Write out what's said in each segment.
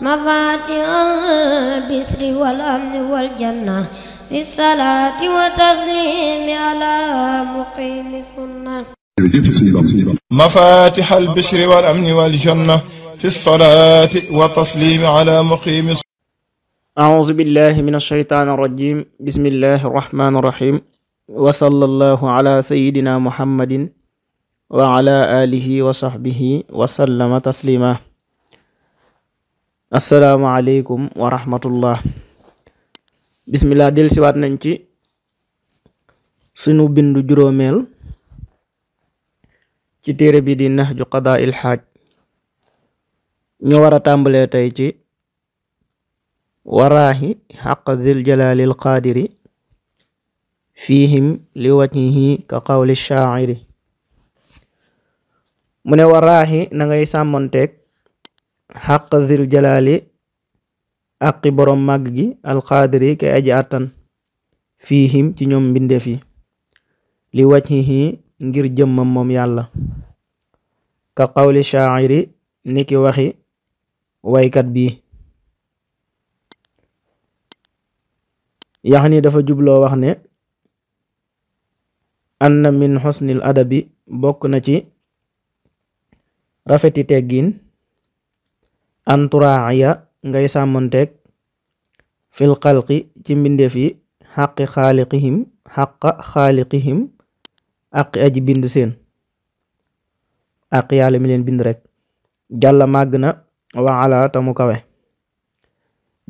مفاتح البسر والأمن والجنة بالصلاة وتسليم على مقيم سنة مفاتح البشر والأمن والجنة في الصلاة وتسليم على مقيم سنة أعوذ بالله من الشيطان الرجيم بسم الله الرحمن الرحيم وصلى الله على سيدنا محمد وعلى آله وصحبه وسلم تسليما asalaamaaleykum wa rahmatullah bismillah del siwaat nañ ci sunu bindu juróomeel ci téere bi di nahju qadaa il xaaj ñu war a tàmbalee tey ci waraahi xaq dil jalaali l qaadiri fihim li wajhihi ka qawli shaaciri mu ne waraahi na ngay xaq zil jalaali àqi boroom màgg gi alxaadiri kay aji àttan fiihim ci ñoom mbindeef yi li wajhihi ngir jëmmam moom yàlla ka qawli shaa'iri ni ki waxi waykat bi yax ni dafa jubloo wax ne anna min xusnil adabi bokk na ci rafeti teggiin anturaaya ngay sàmmonteeg fil xalqi ci mbindeef yi xaqi xaaliqihim aji bind seen aq yàlla mi bind rek jalla màgg na waala tamu kawe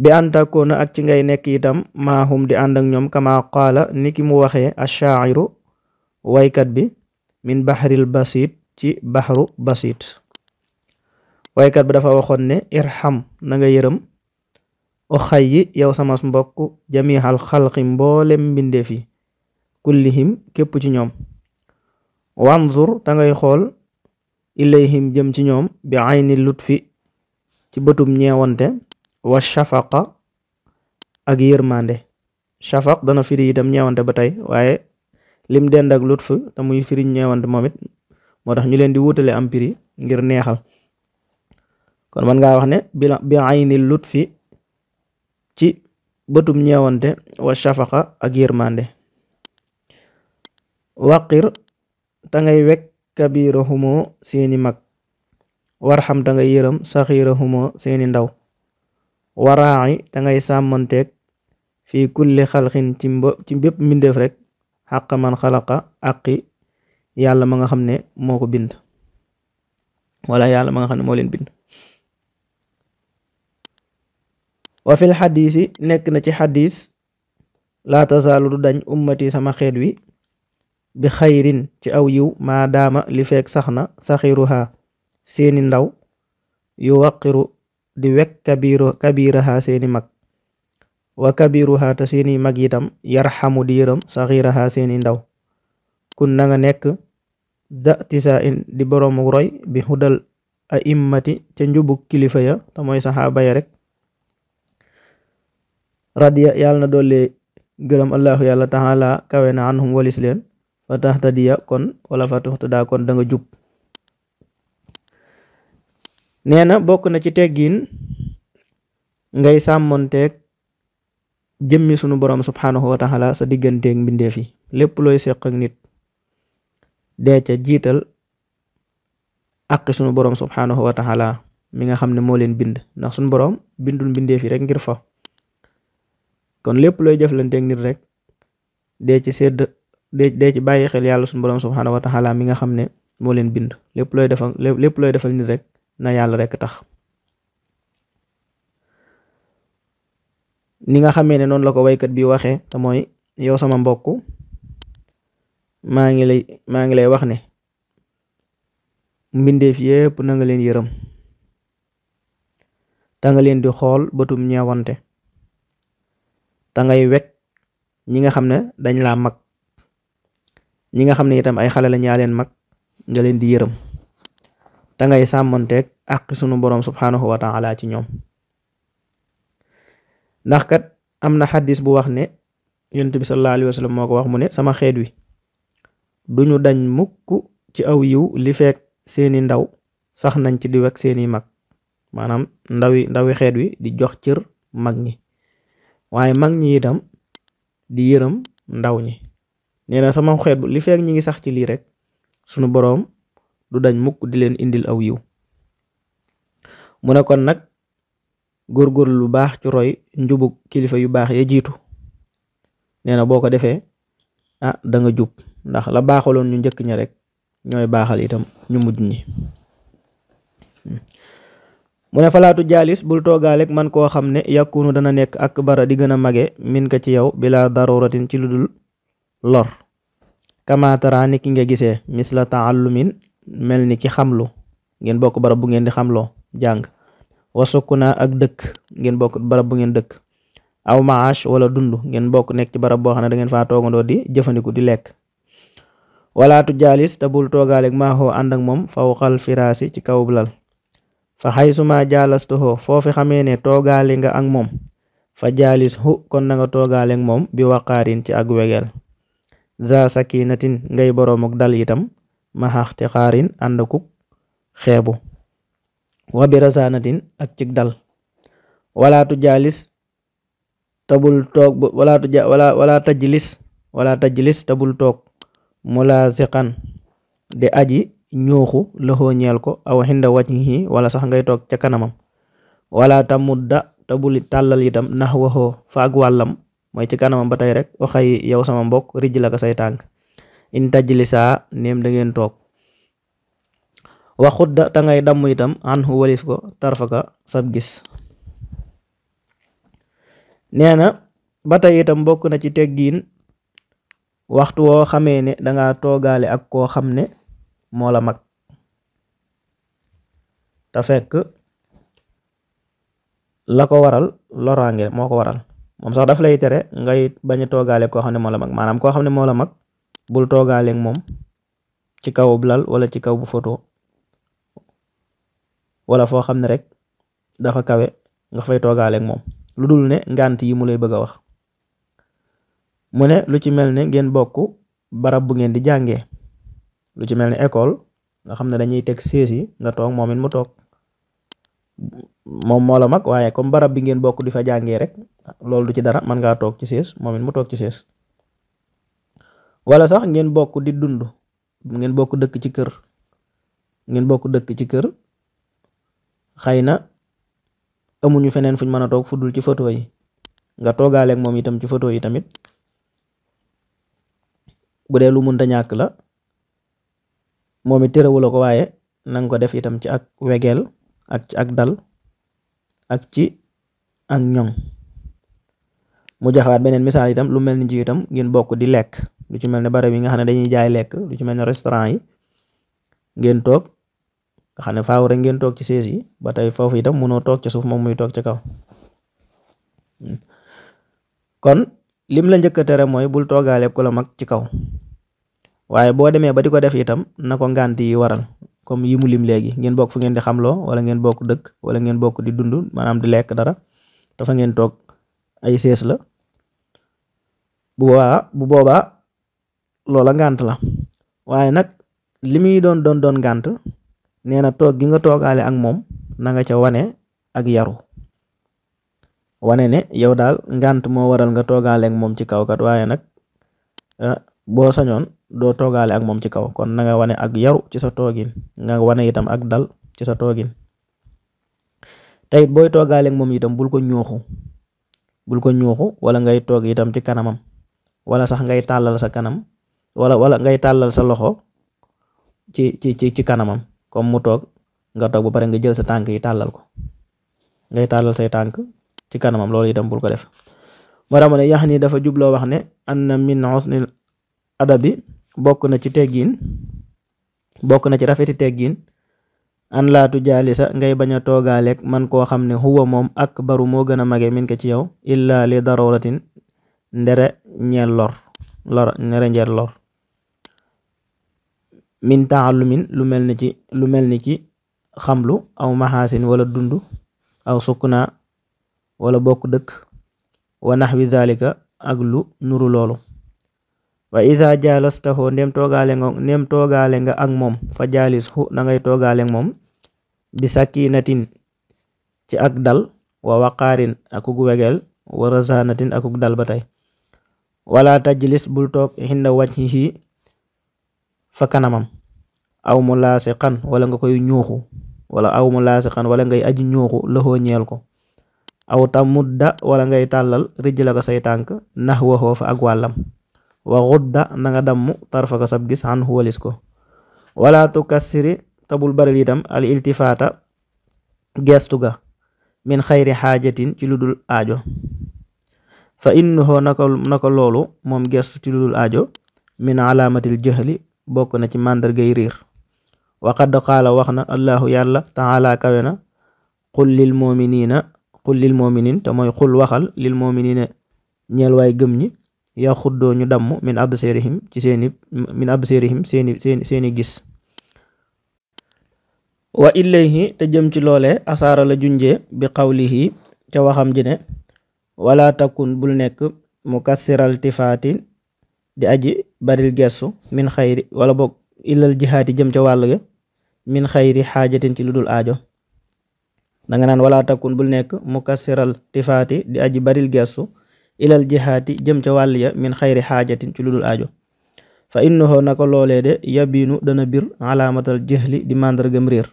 bi àntakkoona ak ci ngay nekk itam maahum di ànd ñoom kama qaala ni mu waxee ashaaciru waykat bi min baxril basit ci baxru basit waykat bi dafa waxoon ne irham na nga yërëm o xay yi yow samas mbokk jamihal xalqi mboolem mbindeef yi kullihim képp ci ñoom wanzur ta ngay xool ilayhim jëm ci ñoom bi ayni lutfi ci bëtum ñewante wa shafaqa ak yërmande shafaq dana firi itam ñeewante ba tey waaye lim dend ak lutf te muy firi ñewante moom it moo tax ñu leen di wutale am piri ngir neexal kon mën ngaa wax ne bi ayni lutfi ci bëtum ñeewante wa shafaqa ak yërmande waqir ta ngay wekk kabira humoo seeni mag warxam ta ngay yërëm saxiira humoo seeni ndaw waraaxi ta ngay sàmmanteeg fii kulli xalxin ci ci bépp mbindeef rek xàq man xalaqa àqi yàlla ma nga xam ne moo ko bind wala yàlla ma nga xam ne moo leen bind wa fil xadiisi nekk na ci xadiis laa tazaalu du dañ ummati sama xeet wi bi xayrin ci aw yiw maa daama li feek sax na saxiruha seeni ndaw yu waqiru di wekk kabiru kabiraha seeni mag wa kabiruha te seeni mag yitam yar xamu di yërëm saxiraha seeni ndaw kun nanga nekk da tisa in di boroomu roy bi xudal a immati ca njubug kilifa ya te mooy saxaaba ya rek radiya yàlla na doole gërëm allahu yàlla taala kawe na anhum walis leen fa tahtadiya kon wala fa tahtada kon da jub nee na bokk na ci teggiin ngay sàmmonteeg jëmmi sunu borom subhanahu wa taala sa digganteeg mbindeef yi lépp looy seq ak nit dee jiital àqi sunu borom subhanahu wa taala mi nga xam ne moo leen bind ndax sunu borom bindul mbindeef yi rek ngir fa kon lépp looy jëflanteeg nit rek dee ci sedd dee dee ci bàyyi xel yàlla suñu borom subhaanahu wa taala mi nga xam ne moo leen bind lépp looy defal lépp looy defal nit rek na yàlla rek tax. ni nga xamee ne noonu la ko waykat bi waxee te mooy yow sama mbokk maa ngi lay maa ngi lay wax ne mbindeef yépp na nga leen yërëm ta nga leen di xool bëtum ñeewante te ngay wekk ñi nga xam ne dañ laa mag ñi nga xam ne itam ay xale la ñaa mag nga leen di yërëm te ngay sàmmonteeg àq sunu boroom subhaanahu wa taala ci ñoom ndax kat am na xaddis bu wax ne yonent bi sallallahu alayhi wa moo ko wax mu ne sama xeet wi duñu dañ mukk ci aw yiw li fekk seeni ndaw sax nañ ci di wekk seeni mag maanaam ndawi ndawi xeet wi di jox cër mag ñi waaye mag ñi itam di yërëm ndaw ñi nee na sama xeet li feek ñi ngi sax ci lii rek sunu boroom du dañ mukk di leen indil aw yiw mu ne kon nag góorgóorlu lu baax ci roy njubu kilifa yu baax ya jiitu nee na boo ko defee a ah, danga nga jub ndax la baaxaloon ñu njëkk ña rek ñooy baaxal itam ñu mujj ñi hmm. mu ne falaatu jaalis bul toogaaleeg man koo xam ne yàkkunu dana nekk ak bara di gën a mage min ka ci yow bila daruratin ci lu dul lor kamatara ni ki nga gisee misla taallumin mel ni ki xamlu ngeen bokk barab bu ngeen di xamloo jàng na ak dëkk ngeen bokk barab bu ngeen dëkk aw maash wala dund ngeen bokk nekk ci barab boo xam ne da ngeen faa di jëfandiku di lekk walaatu jaalis te bul toogaaleeg maaxoo ànd ak moom fawqal firaasi ci kaw lal fa xaysuma jaalastuhoo foofi xamee ne toogaali nga ak moom fa jaalis hu kon na nga toogaale ak moom bi waqaarin ci ak wegeel za sakinatin ngay boroom ak dal itam maxaxti xaarin ànd kuk xeebu wa bi rasaanatin ak cig dal wala tajlis wala tajlis tabul toog mulaasiqan de aji ñuuxu lëxoo ñeel ko aw xinda wajhihi wala sax ngay toog ca kanamam wala tamudda te bul tàllal itam nax waxoo faag wàllam mooy ci kanamam ba tey rek waxay yow sama mbokk rij say tànk in tajlisaa neem da ngeen toog waxudda te ngay damm itam anhu walif ko tarfaka sab gis nee na ba tey itam na ci teggiin waxtu woo xamee ne danga toogaale ak koo xam ne moo mag te fekk la ko waral loraange moo ko waral moom sax daf lay tere ngay bañ a toogaale koo xam ne moola mag maanaam koo xam ne moo la mag bul toogaaleeg moom ci kaw bu lal wala ci kaw bu photo wala foo xam ne rek dafa kawe nga fay toogaaleeg moom lu dul ne ngant yi mu lay bëgg a wax mu ne lu ci mel ne ngeen bokk barab bu ngeen di jànge lu ci mel ni école nga xam ne dañuy teg sées yi nga toog moom it mu toog moom moo la mag waaye comme barab bi ngeen bokk di fa jàngee rek loolu du ci dara mën ngaa toog ci sées moom it mu toog wala sax ngeen bokk di dund ngeen bokk dëkk ci kër ngeen bokk dëkk ci kër xëy na amuñu feneen fuñ mën a toog fuddul ci photo yi nga toogaaleeg moom itam ci photo yi tamit bu dee lu mënta ñàkk la moom it terewula ko waaye na ko def itam ci ak wegeel ak ci ak dal ak ci ak ñoŋ mu joxewaat beneen misaal itam lu mel ni ji itam ngeen bokk di lekk lu ci mel ne barab yi nga xam ne dañuy jaay lekk lu ci mel ne restaurant yi ngeen toog nga xam ne faaw rek ngeen toog ci sées yi ba tey foofu itam mënoo toog ci suuf moom muy toog ci kaw hmm. kon lim la njëkk a tere mooy bul toogaale ku la mag ci kaw waaye boo demee ba di ko def itam na ko ngànt yi waral comme yi mu lim léegi ngeen bokk fu ngeen di xamloo wala ngeen bokk dëkk wala ngeen bokk di dund maanaam di lekk dara dafa ngeen toog ay sees la bu boobaa bu boobaa loola ngànt la waaye nag li muy doon doon doon ngànt nee na toog gi nga toogaale ak moom na nga ca wane ak yaru wane ne yow daal ngànt moo waral nga toogaale ak moom ci kaw kat waaye nag eh, boo sañoon doo toogaale ak moom ci kaw kon na nga wane ak yaru ci sa toogin nga wane itam ak dal ci sa toogin tey booy toogaale ak moom itam bul ko ñuuxu bul ko ñuuxu wala ngay toog itam ci kanamam wala sax ngay tàllal sa kanam wala wala ngay tàllal sa loxo ci ci ci ci kanamam comme mu toog nga toog ba pare nga jël sa tànk yi tàllal ko ngay tàllal say tànk ci kanamam loolu itam bul ko def moo tax ne yax dafa jubloo wax ne anna min husnil adabi bokk na ci teggiin bokk na ci rafeti teggiin an laatu jaalisa ngay bañ a toogaaleeg man koo xam ne huwa moom ak baru moo gën a mage min ko ci yow illa li daruratin ndere ñeel lor lor ndere ñeel min lu mel ni ci lu mel ni ci xamlu aw maxaasin wala dund aw sukna wala bokk dëkk wa naxwi zalika ak lu nuru loolu wa isa jalastahu ndem toogaale nga ndem toogaale nga ak moom fa jaalis hu na ngay toogaale moom bi sakinatin ci ak dal wa waqaarin akuk wegel wa rasaanatin akuk dal ba tey wala tajlis bul toog hinda wajhihi fa kanamam aw mu laasiqan wala nga koy ñuuxu wala aw mu laasiqan wala ngay aji ñuuxu loxoo ñeel ko aw tamudda wala ngay tàllal rijlaka say tànk naxwahu fa ak wàllam wa xudda na nga damm tarfaka sab gis xan xuwalis ko wala tukassiri tabul baral itam al iltifaata geestu min xayri xaajatin ci lu aajo fa innahu naka naka loolu moom geestu ci lu aajo min alaamatil jahli bokk na ci màndargay riir wa qad qaala wax na allahu yàlla taala kawe na qul lil muminina qul lil muminin te mooy xul waxal lil muminina ñeel waay gëm yaxuddoo ñu damm min absarihim ci seeni min absarihim seeni seeni gis wa ilayhi te jëm ci loole asaara la junjee bi xawlihi ca waxam ji ne wala takun bul nekk mukassiral tifaatin di aji baril gestu min xayri wala boog ilal jihaati jëm ca wàll ga min xayri xaajatin ci lu dul aajo danga naan wala takun bul nekk mukassiral tifaati di aji baril gestu ilal jihaati jëm ca wàll ya min xayri xaajatin ci ludul aajo fa innahu nako loolee de yabinu dana bir alaamatal jëxli di màndargam réer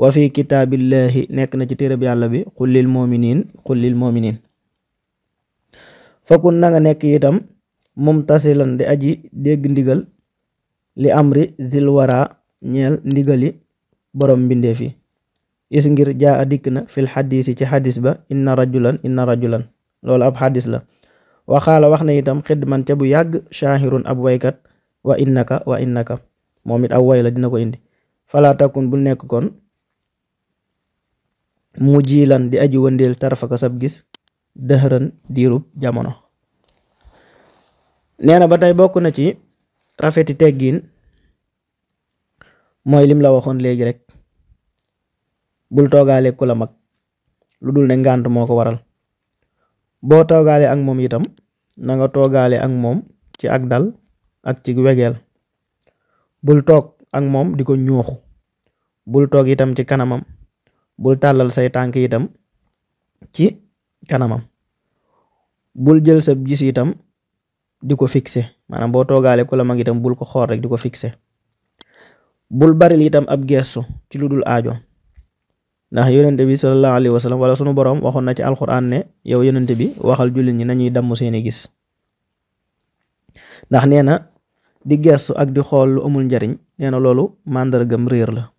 wa fi kitaabillaahi nekk na ci téereb yàlla bi qul lil muminin qul lil muminin na nga nekk itam mumtasilan di aji dégg ndigal li amri zil ñeel ndigali borom mbindeef yi jaa a dikk na fil xadiisi ci xadis ba inna rajulan inna rajulan loolu ab xadis la waxaala wax na itam xidman ca bu yàgg shaahirun ab waykat wa innaka wa innaka moom it aw way la dina ko indi fala takun bul nekk kon mu jiilan di aju wëndeel tarafaka sab gis dëxëran diirub jamono nee ba tay bokk na ci rafeti teggiin moy lim la waxoon léegi rek bul toogaale ku la mag lu dul ne ngànt moo ko waral boo toogaalee ak moom itam nanga nga toogaale ak moom ci ak dal ak ci wegeel bul toog ak moom di ko ñuuxu bul toog itam ci kanamam bul tàllal say tànk yitam ci kanamam bul jël sa gis itam di ko fixé maanaam boo toogaale ku la mag itam bul ko xool rek di ko fixé bul baril itam ab geestu ci lu dul aajo ndax yonente bi sallallahu alayhi wa wala sunu borom waxoon na ci alquran ne yow yonente bi waxal jullit ñi nañuy damm seeni gis ndax nee na di gestu ak di xool lu amul njariñ nee na loolu màndargam réer la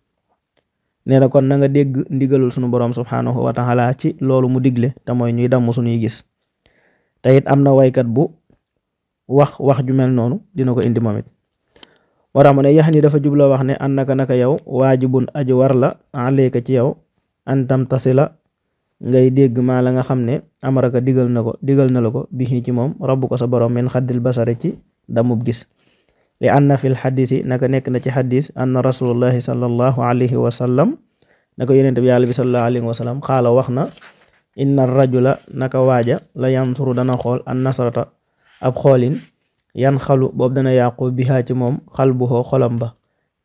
nee na kon nanga nga dégg ndigalul sunu borom subhanahu wa taala ci loolu mu digle te mooy ñuy damm suñuy gis te it am na waykat bu wax wax ju mel noonu dina ko indi moom it moo tax mu ne yax dafa jubloo wax ne annaka naka yow waajibun aju war la ci yow antam tase la ngay dégg maa la nga xam ne amaraka digal na ko digal na la ko bihi ci moom rabbu ko sa borom min xaddil basara ci damub gis li anna fil xadisi naka nekk na ci xadis anna rasulullahi sallallahu alayhi wa sallam naka yonente bi yàlla bi sallallahu alayhi wa sallam xaala wax na inna rajula naka waaja la yansuru dana xool an nasrata ab xoolin yan xalu boobu dana yàqu bihaa ci moom xal bu xoo xolam ba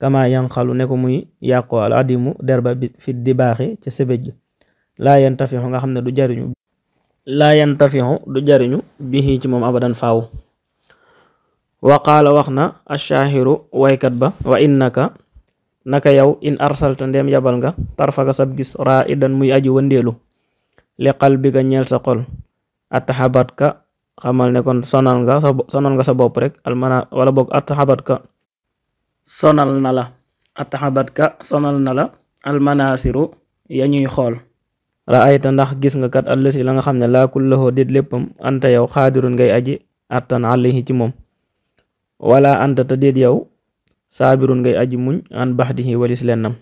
kama yanqalu ne ko muy yàqoo al adimu derba bi fi di baaxi ca sebej laa nga xam ne du jariñu laa yantafixu du jariñu bi ci moom abadan faaw wa qaala wax na ashaahiru waykat ba wa innaka naka yow in arsalta ndeem yabal nga tarfaka sab gis raa idan muy aji wëndeelu li qalbika ñeel sa xol ataxabat ka xamal ne kon sonal nga sa sonal nga sa bopp rek almana wala ka sonal na la ataxabatka sonal na la almanasiru ya ñuy xool raayta ndax gis nga kat allësi la nga xam ne laa kullahoo dit léppam anta yow xaadirun ngay aji attan alayhi ci moom wala anta te déet yow saabirun ngay aji muñ an baxdihi walis lennam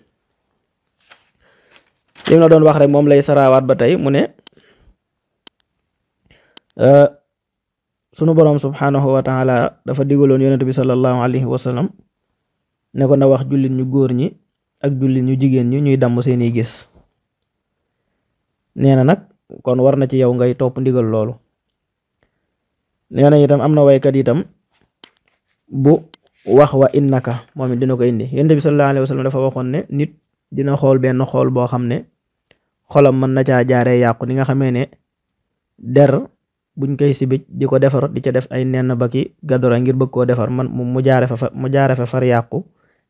lim la doon wax rek moom lay sarawaat ba tey mu ne euh, sunu boroom subhanahu wa taala dafa digaloon yonent bi sallallahu alayhi wa ne ko na wax jullit ñu góor ñi ak jullit ñu jigéen ñi ñuy damm seeni gis nee na nag kon war na ci yow ngay topp ndigal loolu nee na itam am na waykat itam bu wax wa innaka moom it dina ko indi yonent bi sallallahu dafa waxoon ne nit dina xool benn xool boo xam ne xolam mën na caa jaaree yàqu ni nga xamee ne der buñ koy sibij di ko defar di ca def ay nenn baki gadora ngir bëgg koo defar man mu jaare fa mu jaare fa far yàqu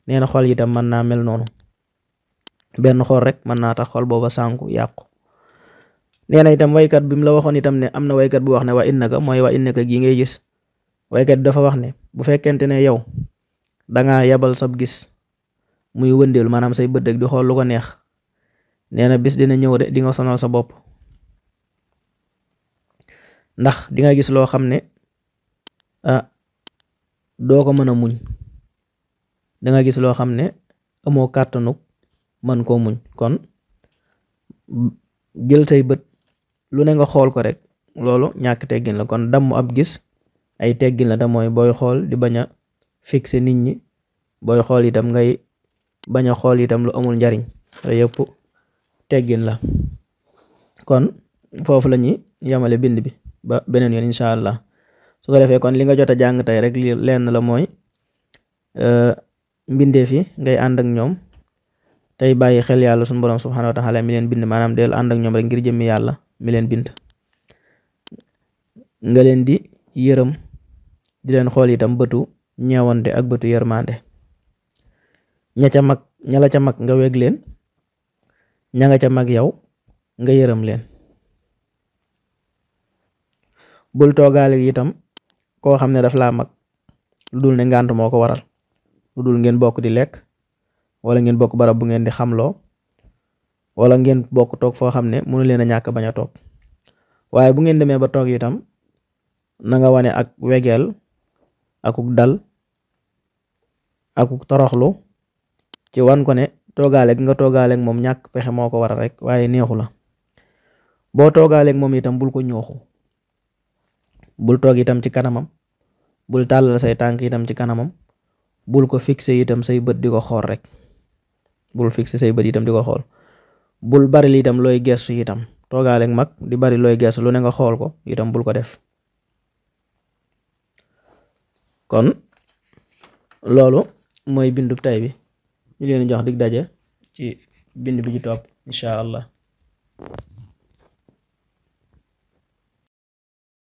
nee na xol yi tam mën naa mel noonu benn xol rek mën naa tax xol booba sànku yàqu nee na waykat bi la waxoon itam ne am na waykat bu wax ne wa innaka mooy wa innaka gii ngay gis waykat bi dafa wax ne bu fekkente ne yow dangaa yabal sab gis muy wëndeelu maanaam say bët di xool lu ko neex nee na bis dina ñëw de di nga sonal sa bopp ndax di nga gis loo xam ne a ah, doo ko mën a muñ danga gis loo xam ne amoo kàttanuk man koo muñ kon jël say bët lu ne nga xool ko rek loolu ñàkk teggin la kon damm ab gis ay teggin la te mooy booy xool di baña a nit ñi booy xool itam ngay bañ a xool yitam lu amul njariñ loolu yëpp teggin la kon foofu la ñuy yamale bind bi ba beneen yoon incha allah su ko defee kon li nga jot a jàng tey rek li lenn la mooy euh, mbindeef yi ngay ànd ak ñoom tey bàyyi xel yàlla sunu borom subhaanahu wa taala mi leen bind maanaam del ànd ñoom rek ngir jëmmi yàlla mi leen bind nga leen di yërëm di leen xool itam bëtu ñeewante ak bëtu yërmande ña ca mag ña la ca mag nga weg leen ña nga ca mag yow nga yërëm leen bul toogaale itam koo xam ne daf la mag lu dul ne ngànt moo ko waral lu dul ngeen bokk di lekk wala ngeen bokk barab bu ngeen di xamloo wala ngeen bokk toog foo xam ne mënu leen a ñàkk bañ a toog waaye bu ngeen demee ba toog itam na nga wane ak wegeel akuk dal akuk toroxlu ci wan ko ne toogaaleeg nga toogaaleeg moom ñàkk pexe moo ko waral rek waaye neexu la boo toogaaleeg moom itam bul ko ñooxu bul toog itam ci kanamam bul tàllal say tànk itam ci kanamam bul ko fixé itam say bët di ko xool rek bul fixé say bët yitam di ko xool bul bari li looy gestu itam toogaale ak mag di bari looy gestu lu ne nga xool ko itam bul ko def kon loolu mooy bindu tay bi ñu leen jox dig daje ci bind bi ci topp incha allah